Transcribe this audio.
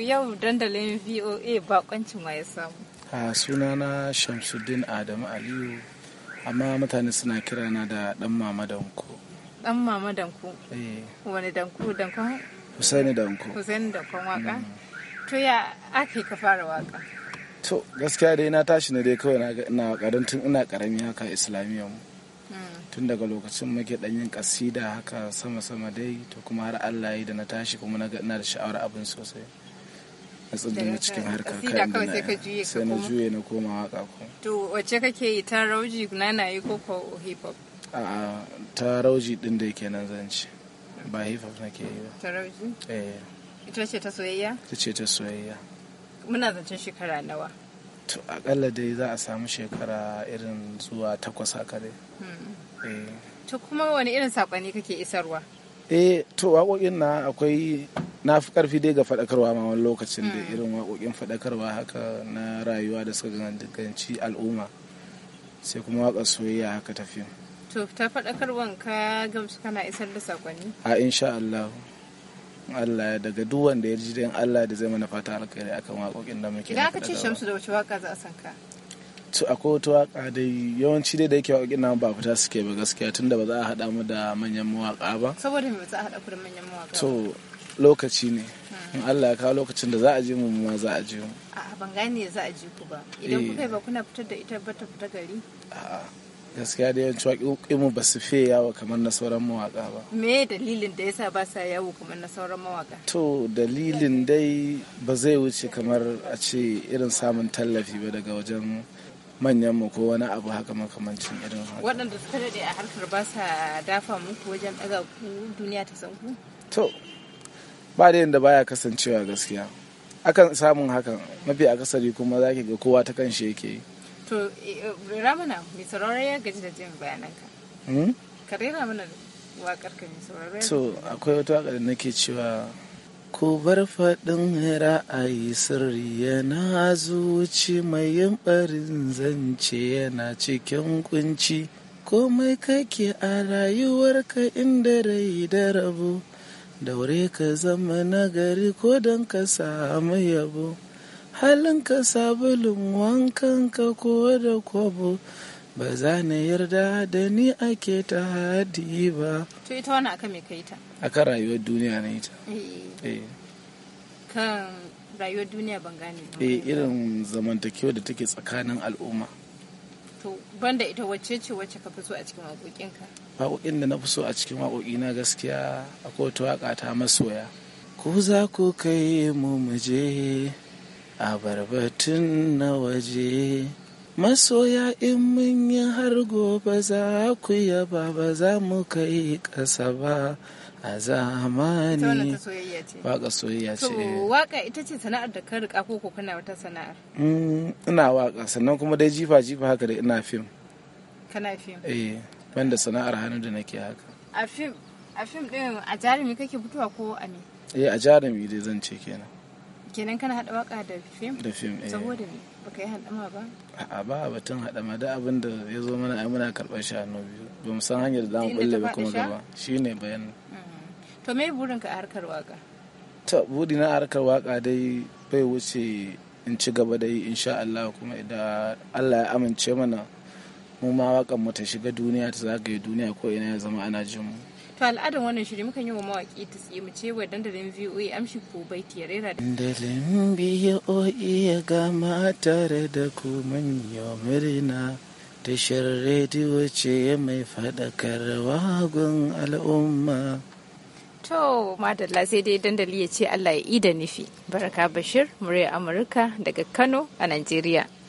yau dandalin VOA bakoncin ma ya samu. A sunana Shamsuddin Adamu Aliyu, amma mutane suna kira na da ɗan mama danko. Ɗan mama danko? Eh. Wani danko dankon? Husaini danko. Husaini dankon waka? Mm. To ya ake ka fara waka? To gaskiya dai na tashi ne dai kawai na wakarin tun ina karami haka islamiyya mu. Mm. tun daga lokacin muke ɗanyen kasida haka sama-sama dai to kuma har Allah yi da na tashi kuma na da sha'awar abin sosai. na tsundun cikin harka kayan da sai na juye na koma waka ko to wacce kake yi ta rauji na na yi ko ko hip hop a ta rauji din da yake nan zan ci ba hip hop nake yi ba ta rauji eh ita ce ta soyayya ita ce ta soyayya muna zancen shekara nawa to akalla dai za a samu shekara irin zuwa takwas haka dai hmm. eh. to kuma wani irin sakonni kake isarwa eh to waƙoƙin na akwai na fi karfi dai ga faɗakarwa ma wani lokacin da mm. irin waƙoƙin faɗakarwa haka na rayuwa da suka ganganci al'umma sai kuma waƙar soyayya haka tafi to ta fadakarwan ka gamsu kana isar da sakonni a insha Allah Allah ya daga duk wanda ya ji dan Allah da zai mana fata alkhairi akan waƙoƙin da muke idan aka ce Shamsu da wace waƙa za a san ka to akwai wata waƙa da yawanci dai da yake waƙoƙin nan ba fita suke ba gaskiya tunda ba za a haɗa mu da manyan mawaƙa ba saboda me ba za a haɗa ku da manyan mawaƙa to lokaci ne in Allah ya kawo lokacin da za a je mu ma za a je mu a ban gane za a je ku ba idan kuka eh. ba kuna fitar da ita ba ta fita gari a'a gaskiya da yawanci waƙoƙi mu ba su fiye yawo kamar na sauran mawaƙa ba me dalilin da yasa ba sa yawo kamar na sauran mawaƙa to dalilin dai ba zai wuce kamar a ce irin samun tallafi ba daga wajen manyan mu ko wani abu haka makamancin irin haka waɗanda suka daɗe a harkar ba sa dafa muku wajen ɗaga ku duniya ta san ku to ba da yadda baya kasancewa gaskiya akan samun hakan mafi akasari kuma za ga kowa ta kanshi yake yi to eh, eh, ramana mai sauraron ya gaji da jin bayananka hmm? ka rera mana wakar ka mai sauraron to akwai wata wakar da nake cewa ku bar faɗin ra'ayi sirri yana zuci mai yin barin zance yana cikin kunci komai kake a rayuwarka inda rai da rabo daure ka zama nagari ko don ka samu yabo halinka sabulun ka ko da kwabo ba za na yarda da ni ake ta hadi ba to ita wani aka mai kaita A kan rayuwar duniya na ita eh. eh. kan rayuwar duniya ban gane ba eh, irin zamantakewa da take tsakanin al'umma banda ita wacce ce wacce ka fi so a cikin waƙoƙinka waƙoƙin da na fi so a cikin na gaskiya akwai wata waƙa ta masoya ku za ku kai mu muje a barbatin na waje masoya in mun yi har gobe za ku yaba ba za mu kai ƙasa ba a zamani waka soyayya ce waka ita ce sana'ar da ka rika ko kana wata sana'ar mm, ina waka sannan kuma dai jifa jifa haka da ina fim kana fim eh banda sana'ar hannu da nake haka a fim a fim din a jarumi kake fitowa ko a ne eh a jarumi dai zan ce kenan kenan kana hada waka da fim da fim eh saboda me baka yi hadama ba a'a ba a batun hadama da abin da ya zo mana ai muna karɓar shi a biyu ba mu san hanyar da za mu kulle ba kuma gaba shine bayanin mm. to me burin ka harkar waka ta budi a harkar waka dai bai wuce in ci gaba dai insha Allah kuma idan Allah ya amince mana mu ma wakan mu ta shiga duniya ta zagaye duniya ko ina ya zama ana jin mu to al'adan wannan shiri muka yi wa mawaki ta tsiye mu ce wa dandalin VOA amshi ko bai rera da dandalin VOA ga mata da ku manyo murna tashar rediyo ce mai faɗakar gun al'umma To madalla sai dai dandali ya ce Allah ya da nufi. Baraka Bashir, murya Amurka daga Kano a Najeriya.